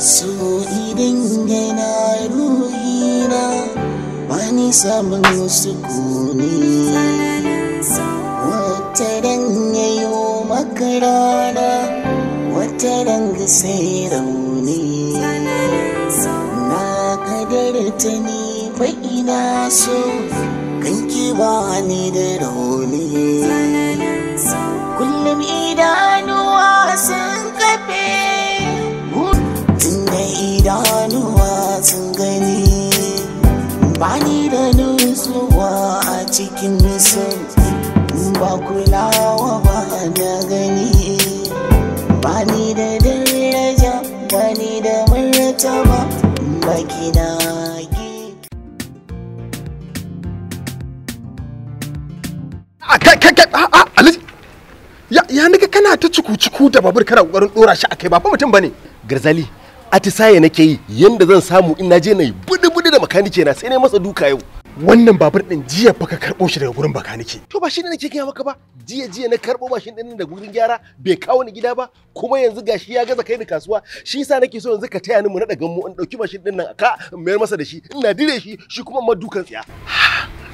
so idan gaina ruhina wani samun sukuni wata ran yayo maka rana wata ran sai rauni na kadarta ni fa ina so kan ki ba ni da rauni bani da nutsuwa a cikin sauki ba kulawa ba na gani bani da daraja bani da ba baki na ah, ah, ah, ya nika kana ta ciku ciku da babur kana ƙoƙarin ɗora shi akai ba fa mutum bane garzali atisaye nake yi yanda zan samu in je na yi da makanike na sai ne masa duka yau wannan babur din jiya baka ka karbo shi daga gurin bakanike to ba shi ne nake gaya maka ba jiya jiya na karbo mashin din da gurin gyara bai kawo ni gida ba kuma yanzu gashi ya gaza kai ni kasuwa shi yasa nake so yanzu ka taya ni mu na daga mu in dauki mashin din nan ka mayar masa da shi ina dire shi shi kuma ma dukan tsiya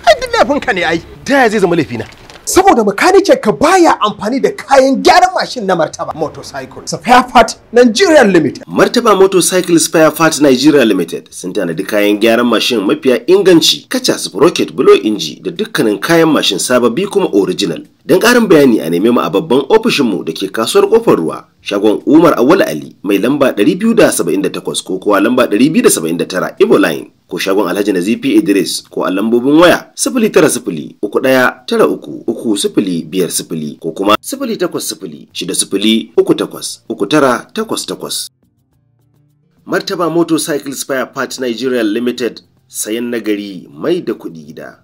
ai duk laifinka ne ai da zai zama laifina saboda makanikin ka baya amfani da kayan gyaran mashin na martaba motorcycle spare part Nigeria Limited martaba motorcycle spare part Nigeria Limited sun tanadi kayan gyaran mashin mafiya inganci kacha sprocket blow inji da dukkanin kayan mashin sababbi kuma original Don ƙarin bayani a neme mu a babban ofishinmu da ke kasuwar ƙofar ruwa shagon Umar Awal Ali mai lamba 278 ko kuwa lamba 279 Ibo Line ko shagon Alhaji Nazifi Idris ko a lambobin waya 09031933050 ko kuma 08060383988. Martaba Motorcycle Spire Part Nigeria Limited sayan nagari mai da kuɗi gida.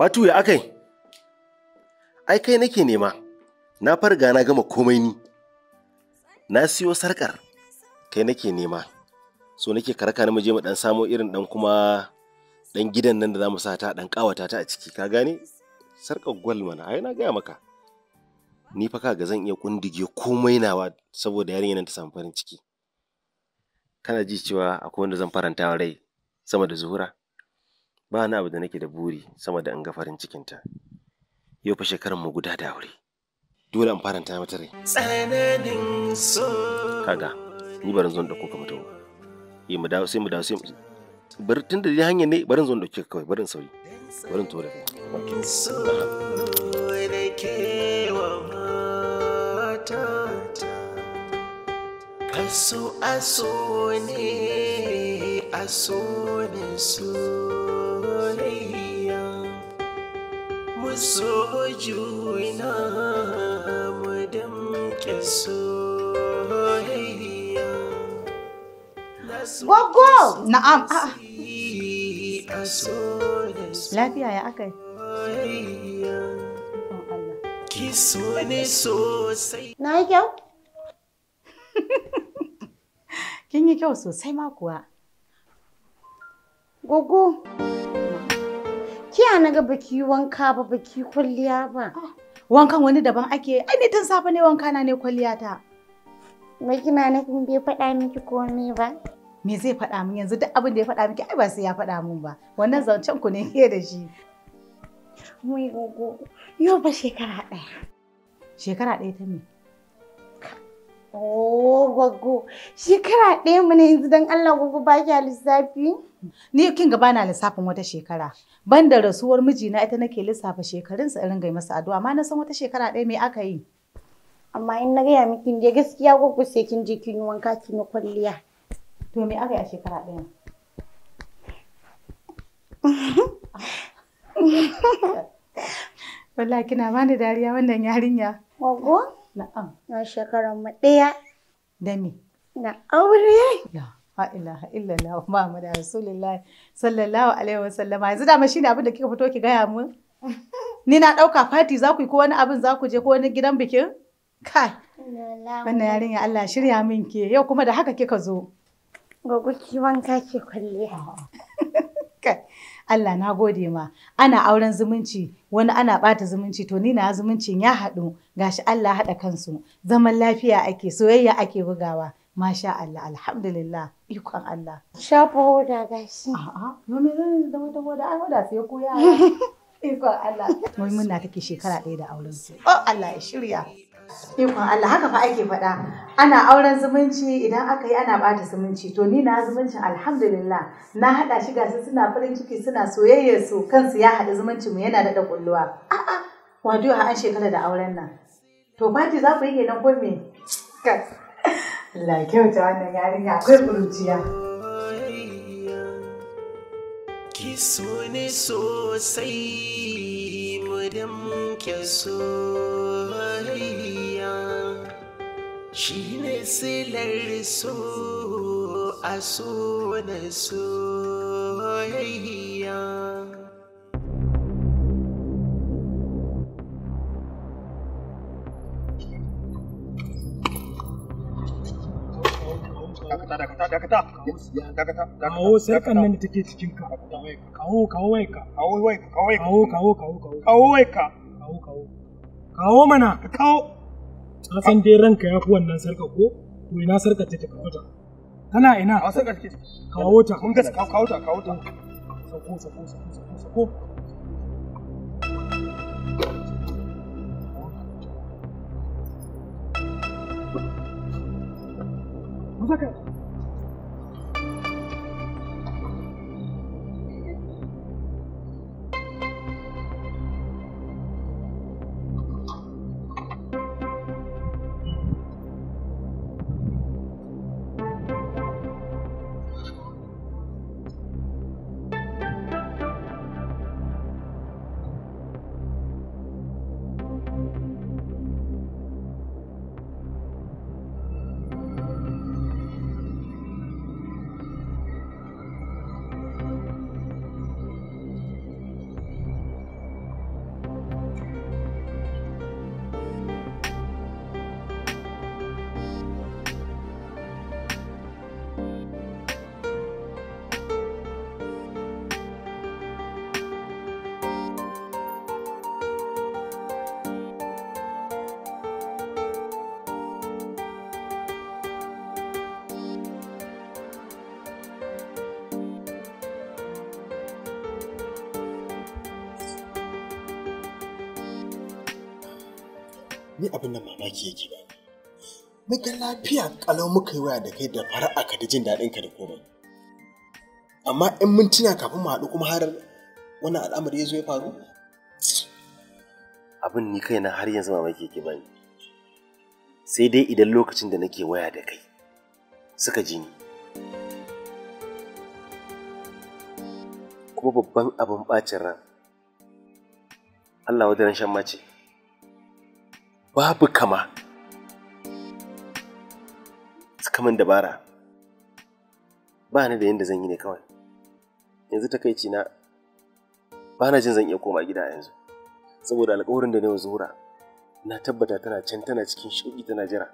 Fatu ya akai? Ai kai nake nema, na farga na gama komai ni. Na siyo sarƙar, kai nake nema. So nake karaka na muje mu ɗan samo irin dan kuma ɗan gidan nan da za mu sa ta dan kawata ta a ciki, ka gane? Sarƙar gwal mana, ai na gaya maka. Ni fa ga zan iya kundige komai nawa saboda yarinya nan ta samu farin ciki. Kana ji cewa akwai wanda zan faranta rai sama da zuhura? ba na abu da nake da buri sama da in ga farin cikinta yau fa shekaran mu guda da aure dole in faranta mata rai tsananin so kaga ni barin zon dauko ka mutu yi eh, mu dawo sai mu dawo sai mu tun da hanyar ne barin zon dauke kawai barin sauri barin to da so ne ke wa mata aso aso ne aso ne soyayya mu so juna mu damke soyayya Gogo! Na'am, a'a. Ah, ah. Lafiya ya aka yi? Oh, Ki so ne sosai. Na yi kyau? Kin yi kyau sosai ma kuwa. Gogo, kiya na ga baki wanka ba baki kwalliya ba. Wankan wani daban ake, ai ni tun safe ne wanka na ne kwalliya ta. Wai kina kin bai faɗa miki komai ba? Me zai faɗa min yanzu duk abin da ya faɗa miki ai ba sai ya faɗa min ba. Wannan zancen ku ne ke da shi. Mai gogo, yau ba shekara ɗaya. Shekara ɗaya ta me? Oh, gwaggo, shekara ɗaya mu ne yanzu don Allah gwaggo ba kya lissafi? Ni kin gaba na lissafin wata shekara. Ban da rasuwar mijina ita nake lissafa shekarunsa in ringa masa addu'a, amma na san wata shekara ɗaya me aka yi. Amma in na gaya miki je gaskiya gwaggo sai kin je kin yi wanka kin yi kwalliya. To me aka yi a shekara ɗaya? Wallahi kina bani dariya wannan yarinya. Gwaggo? Na'am. Na shekarar mu ɗaya. Da me? Na aure. La ilaha illallah sallallahu alaihi wasallama. Yanzu dama shine abin da kika fito ki gaya mun. Ni na ɗauka fati za ku yi ko wani abin za ku je ko wani gidan bikin? Kai. Wannan yarinya Allah shirya min ke yau kuma da haka kika zo. Gogo wanka kwalliya. Kai. Allah na gode ma ana auren zumunci wani ana bata zumunci to ni na zumuncin ya haɗu gashi Allah haɗa kansu zaman lafiya ake soyayya ake bugawa masha Allah alhamdulillah ikon Allah shafa hoda gashi a'a no me zan da wata hoda ai hoda sai ko yara ikon Allah Muhimmin muna take shekara ɗaya da auren su oh Allah ya shirya ikon Allah haka fa ake faɗa ana auren zumunci idan aka yi ana ɓata zumunci to ni na zumunci alhamdulillah na haɗa shi gasu suna farin ciki suna soyayya su kansu ya haɗa zumuncin mu yana daɗa kulluwa a'a wato ha an shekara da auren nan to fati za ku yi kenan ko me Allah kyauta wannan yarinya akwai ƙuruciya. ki so ne sosai dan ke soyayya shi ne silar so a so na soyayya dakata kawo nan take cikin ka kawo wai ka kawo wai kawo kawo kawo kawo kawo wai kawo kawo kawo mana kawo na san dai ranka ya fi wannan ko ina sarka take tana ina sarka take ni abin nan mamaki yake ba ga lafiya kalau muka yi waya da kai da fara'a ka da jin daɗin ka da komai amma in tuna kafin mu haɗu kuma har wannan al'amari ya zo ya faru abin ni na har yanzu mamaki yake bani sai dai idan lokacin da nake waya da kai suka ji ni kuma babban abin bacin ran Allah wadaran shan mace babu kama suka min dabara ba ni da yadda zan yi ne kawai yanzu takaici na ba na jin zan iya koma gida yanzu saboda alkawarin da na zura na tabbata tana can tana cikin shauƙi tana jira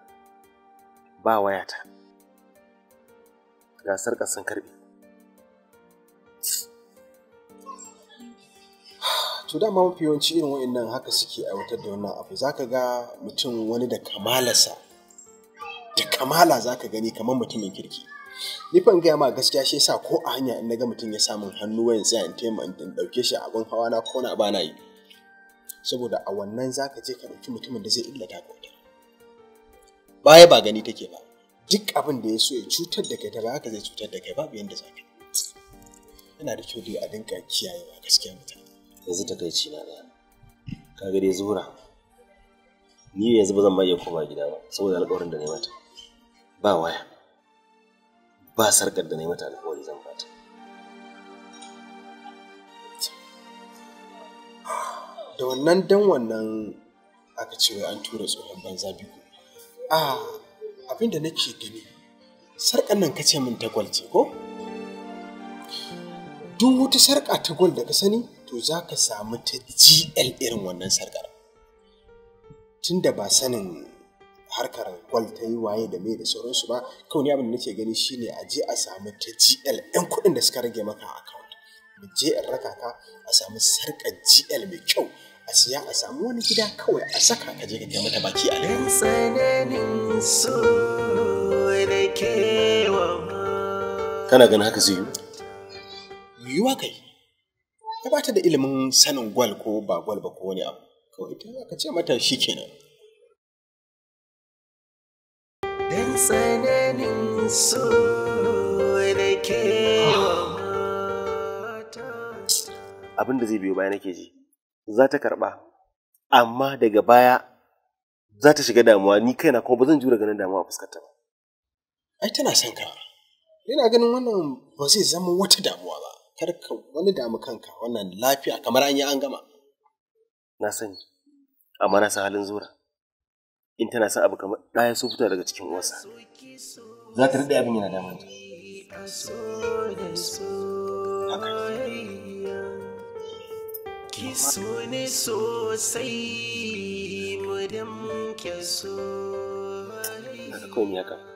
ba wayata gasar ƙasan karɓi to dama mafi yawanci irin wa'annan haka suke aiwatar da wannan abu zaka ga mutum wani da kamalasa da kamala zaka gani kamar mutumin kirki ni fa gaya ma gaskiya shi yasa ko a hanya in naga mutum ya samun hannu wayan tsaya in taima in dauke shi abin hawa na ko na ba na yi saboda a wannan zaka je ka dauki mutumin da zai illata ka baya ba gani take ba duk abin da ya so ya cutar da kai ta ba haka zai cutar da kai babu yanda zaka yana da kyau dai a dinka kiyayewa gaskiya mutane yanzu takaici na ɗaya kaga dai zura ni yanzu ba zan ma iya koma gida ba saboda alƙawarin da na mata ba waya ba sarƙar da na mata alƙawari zan bata da wannan dan wannan aka ce an tura tsohon banza biyu a abinda na nake gani sarƙar nan kace min ta gwal ce ko duk wata sarƙa ta gwal da ka sani to za ka samu ta gl irin wannan sarkar tunda ba sanin harkar gwal ta yi waye da mai da sauransu ba kawai abin da nake gani shine a je a samu ta gl yan kuɗin da suka rage maka a account mu je in raka ka a samu sarkar gl mai kyau a siya a samu wani gida kawai a saka ka je ka kai mata baki a kana ganin haka zai yi yiwuwa kai ta ba ta da ilimin sanin gwal ko ba gwal ba ko wani abu kawai ita za ka ce mata shi kenan dan tsananin so ke abin da zai biyo bayan nake ji za ta karba amma daga baya za ta shiga damuwa ni kaina kuma ba zan jura ganin damuwa a fuskarta ba ai tana son ka ina ganin wannan ba zai zama wata damuwa ba kar ka wani damu kanka wannan lafiya kamar an yi an gama na sani amma na san halin zura in tana son abu kamar ɗaya sun fita daga cikin uwarsa za ta daɗe abin yana damar ta ki sosai mu da muke so na kawo miyaka.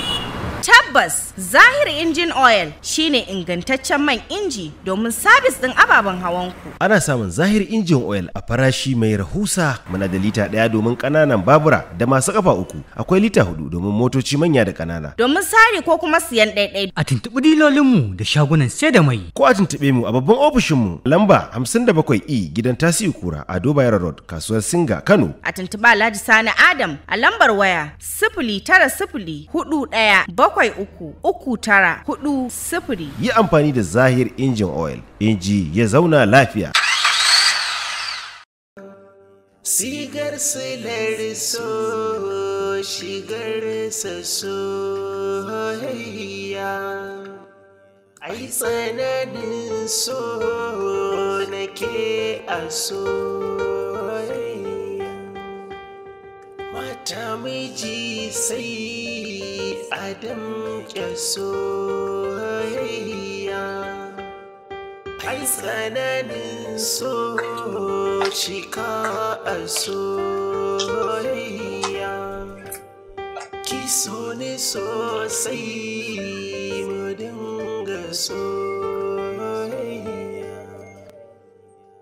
Tabbas Zahir Injin Oil shine ingantaccen man inji domin sabis ɗin ababen hawanku. Ana samun Zahir Injin Oil a farashi mai rahusa muna da lita ɗaya domin ƙananan babura da masu ƙafa uku akwai lita hudu domin motoci manya da ƙanana. Domin sari ko kuma siyan ɗaiɗai. A tuntuɓi mu da shagunan sai da mai. Ko a tuntuɓe mu a babban ofishin ofishinmu lamba hamsin 57 E gidan Tasiu Kura a Dubai Road kasuwar Singa Kano. A tuntuɓa Alhaji Sani Adam a lambar waya sifili tara sifili hudu ɗaya bakwai uku uku tara hudu sifiri. Yi amfani da Zahir injin oil, inji ya zauna lafiya. Sigar silar so, shigar sa soyayya. Ai tsananin so nake a soyayya. ta miji sai adam ke soyayya ai tsananin so cika a soyayya ki so ne sosai mu dinga soyayya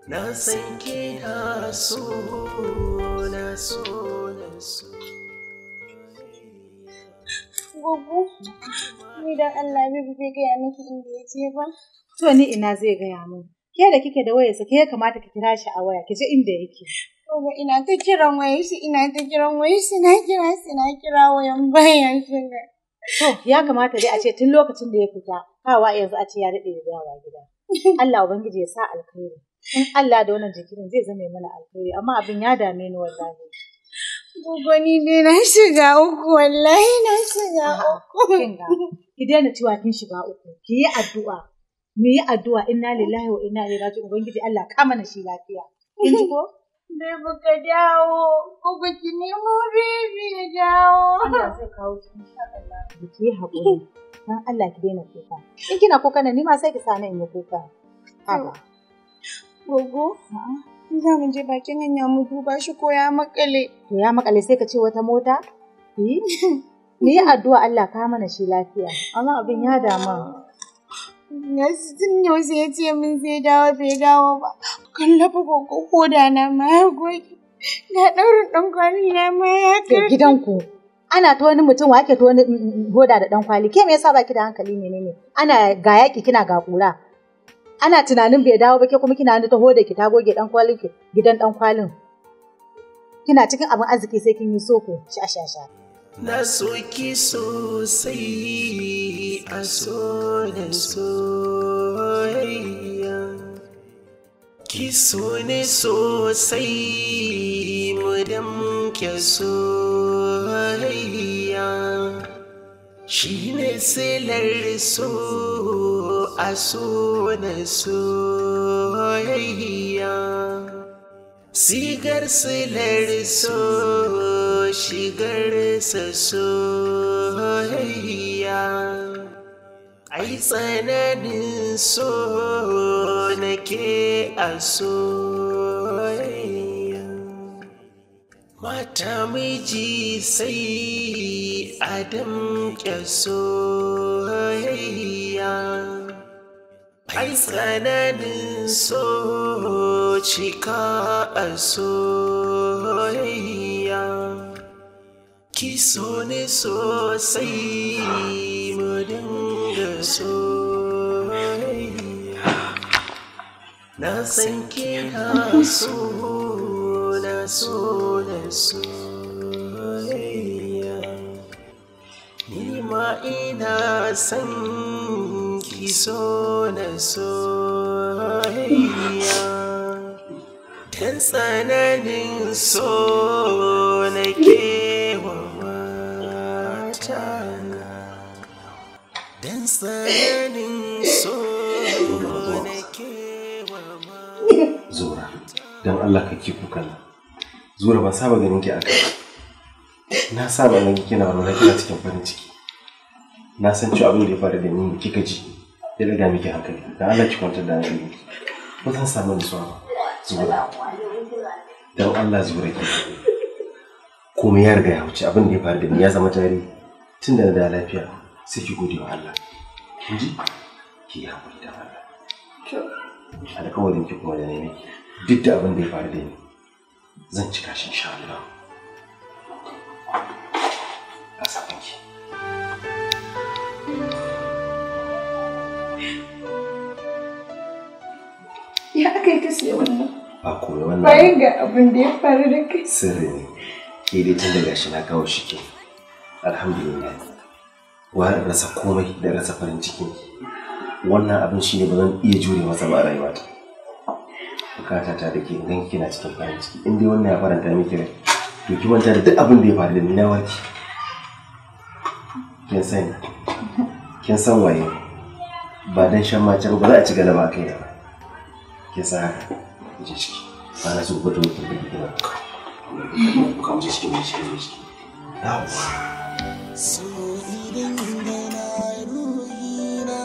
na san kina so na so Gugu, ni dan Allah Habibu bai gaya miki inda ya je ba. To ni ina zai gaya min. Ke da kike da wayarsa ke ya kamata ki kira shi a waya ki ji inda yake. Kuma ina ta kiran wayar shi ina ta kiran wayar shi na kira shi na kira wayan bayan shiga. To ya kamata dai a ce tun lokacin da ya fita kawa yanzu a ce ya daɗe da dawa gida. Allah Ubangiji ya sa alkhairi. In Allah da wannan jikirin zai zame mana alkhairi amma abin ya dame ni wallahi. Gwani ne na shiga uku wallahi na shiga uku. Ki daina cewa kin shiga uku, ki yi addu'a. Mu yi addu'a inna lillahi wa inna ilaihi raji'un ubangiji Allah ka mana shi lafiya. Kin ji ko? Bai buka dawo, ko ba ki nemo bibi ya dawo. Allah zai kawo shi insha Allah. Ki yi haƙuri. don Allah ki daina kuka. In kina kuka nan ni ma sai ki sa nan in yi kuka. Haka. Gogo. za mu je bakin hanya mu duba shi ko ya makale. To ya makale sai ka ce wata mota? Ni yi addu'a Allah ka mana shi lafiya. Amma abin ya dama. Tun yau sai ya ce min zai dawo bai dawo ba. Kallafa koko koda na ma ya goge. Na ɗaurin ɗan kwali na ma ya karfi. Gidanku. Ana ta wani mutum wake ta wani goda mm, mm, mm, da ɗan kwali. Ke me yasa ki da hankali ne ne? Ana ga yaƙi kina ga ƙura. ana tunanin bai dawo ba ke kuma kina da taho da ki ta goge dan kwalin ki gidan dan kwalin kina cikin abin arziki sai kin yi soko shi a shasha na soki sosai a so da soyayya ki so ne sosai mu damke soyayya shi ne silar soyayya a so na soyayya sigar silar so shigar sa soyayya ai tsananin so nake a soyayya mata miji sai adam damƙe soyayya ai tsananin so cika a soyayya ki so ne sosai mu dinga soyayya na san kina so na so na soyayya ni ma ina san so na soyayya dan tsananin so na kewa mata dan tsananin so na kewa mata zura don allah ka ki kuka zura ba saba ganin ki aka na saba ganin kina wani kina cikin farin ciki na san cewa abin da ya faru da ni kika ji ya riga miki hankali da Allah ki kwantar da hankali ba zan samu nutsuwa ba zuwa don Allah ki komai ya riga ya wuce abin da ya faru da ni ya zama tarihi tun da na da lafiya sai ki gode wa Allah kin ji ki yi haƙuri da Allah alƙawarin ki kuma da ne duk da abin da ya faru da ni zan cika shi insha Allah a ki Ya aka yi ta siya wannan? A koyi wannan. Bayan ga abin da ya faru da kai. Sirri ne. Ke dai tun daga shi na kawo shi ke. Alhamdulillah. Wa rasa komai da rasa farin ciki. Wannan abin shi ne ba zan iya jure masa ba a rayuwata. Bukata ta da ke gan kina cikin farin ciki. In dai wannan ya faranta miki rai. To ki manta da duk abin da ya faru da ni na warke. Kin sani. Kin san waye. Ba dan shan macen ba za a ci galaba a kai da ba. ya sa ya je ciki ba na so ku fito ku gida ka mu je ciki mu je ciki yawa so idan da na ruhi na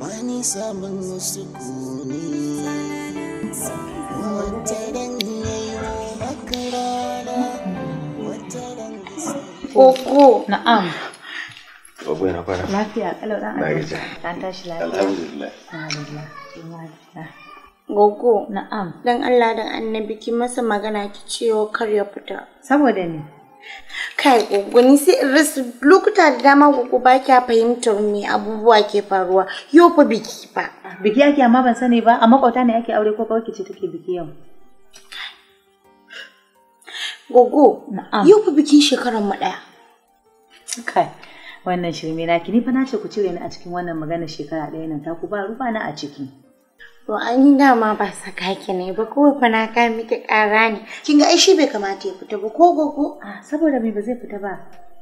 wani samun sukuni wata wata dan Koko, na'am. Babu na kwana. Lafiya, kalau dan Adam. Na tashi lafiya. Alhamdulillah. Alhamdulillah. Gogo. Na'am. Dan Allah dan annabi ki masa magana ki cewa kar ya fita. Saboda ne. Kai gogo ni sai in rasa lokuta da dama gogo ba kya fahimtar me abubuwa ke faruwa. Yau fa biki ba. Biki ake amma ban sani ba a makwata ne yake aure ko kawai ce take biki yau. Gogo. Na'am. Yau fa bikin shekaran mu daya. Kai. Wannan shirme na ki ni fa na ce ku cire ni a cikin wannan magana shekara ɗaya nan ta ku ba ruba na a ciki. To an yi dama ba saka ki ne ba ko fa na kai miki ƙara ne. Kin ga ai shi bai kamata ya fita ba ko gogo? A saboda me ba zai fita ba?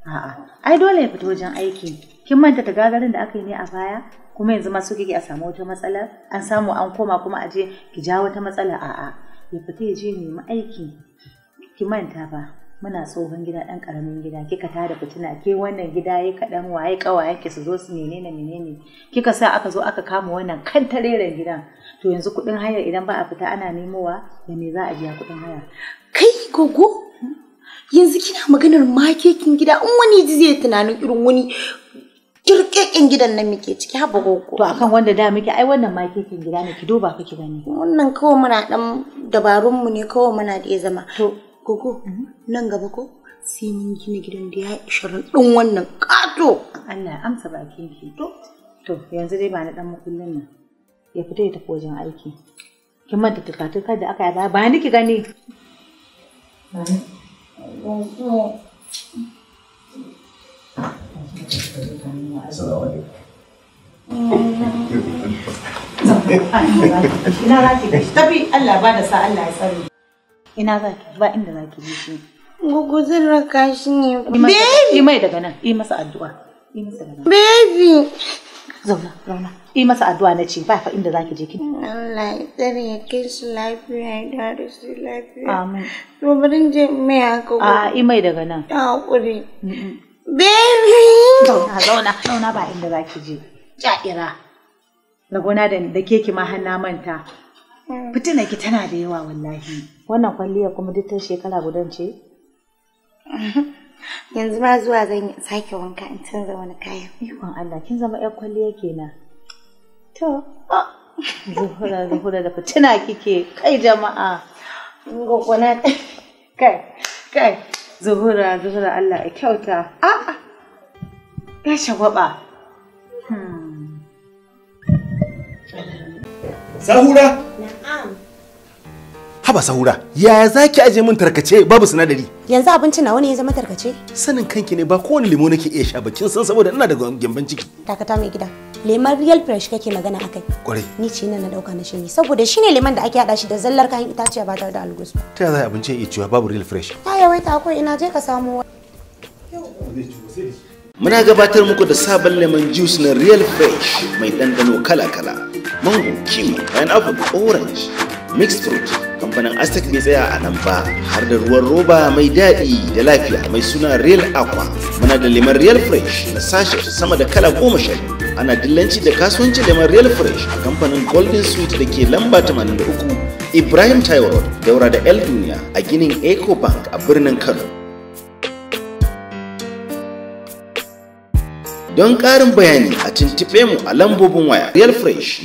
A'a, ai dole ya fita wajen aiki. Kin manta ta gagarin da aka yi ne a baya? Kuma yanzu ma su kike a samu wata matsala? An samu an koma kuma a je ki ja wata matsala a'a. Ya fita ya je nemi aiki. Ki manta ba. muna tsohon gida ɗan ƙaramin gida kika tada fitina ke wannan gida ya kaɗan waye ƙawayen ki su zo su menene menene kika sa aka zo aka kama wannan kan tareren gidan to yanzu kuɗin haya idan ba a fita ana nemowa da me za a biya kuɗin haya kai gogo yanzu kina maganar makekin gida in wani ji zai tunanin irin wani kirkekin gidan nan muke ciki haba gogo to akan wanda da muke ai wannan makekin gida ne ki duba kake gani wannan kawai muna dan dabarun mu ne kawai muna da ya zama to ko nan gaba ko sai mun gina gidan da ya ishirin ɗin wannan ƙato Allah ya amsa bakin ki to to yanzu dai ba na dan makullin nan ya fita ya tafi wajen aiki kin manta tukatuka da aka yi ba ni ki gani Ina alaikum. Ina shi. ki tafi Allah ba da sa Allah ya tsare. ina za ki ba inda za ki yi. shi gugu zan raka shi ne baby mai daga nan yi masa addu'a yi daga nan baby zauna zauna yi masa addu'a na ce ba fa inda za ki je ki Allah ya tsare ya kai shi lafiya ya dare shi lafiya amin to bari je mai haka Aa, yi mai daga nan ta haƙuri. baby zauna zauna zauna ba inda za ki je ja'ira na gona da keke ma hannu manta mm. fitina ki tana da yawa wallahi wannan kwalliya kuma duk ta shekara gudan ce yanzu ma zuwa zan yi sake wanka in canza wani kaya ikon Allah kin zama yar kwalliya kenan to zuhura zuhura da fitina kike kai jama'a gogona kai kai zuhura zuhura Allah a kyauta a'a ya shagwaba hmm. sahura haba sahura yaya zaki aje min tarkace babu sinadari yanzu abinci na wani ya zama tarkace sanin kanki ne ba kowane lemo nake iya sha bakin san saboda ina da gyambon ciki takata mai gida lemon real fresh kake magana akai kwarai ni ce na dauka na shine saboda shine lemon da ake hada shi da zallar kayan itaciya ba tare da algus ta yaya abinci ya ciwa babu real fresh ta yawaita akwai ina je ka samu Muna gabatar muku da sabon lemon juice na Real Fresh mai dandano kala-kala, mango, kiwi, pineapple, orange, mixed fruit kamfanin aztec bai tsaya a nan ba har da ruwan roba mai daɗi da lafiya mai suna real aqua muna da lemon real fresh na sashe sama da kala goma sha ana dillanci da kasuwanci lemon real fresh a kamfanin golden sweet da ke lamba 83 ibrahim taiwo daura da el duniya a ginin eco bank a birnin kano don ƙarin bayani a tintibe mu a lambobin waya real fresh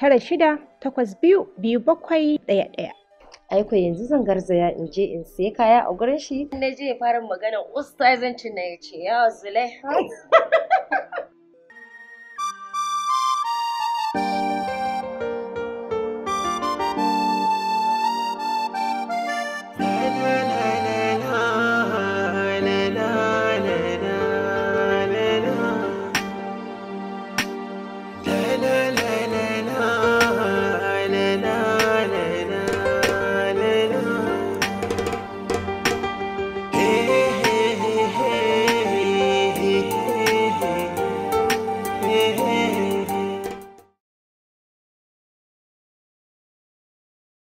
tara shida takwas biyu biyu bakwai ɗaya ɗaya. Aiko yanzu zan garzaya in je in sai kaya a gurin shi. Na je fara magana ustazancin na ya ce yawa zule.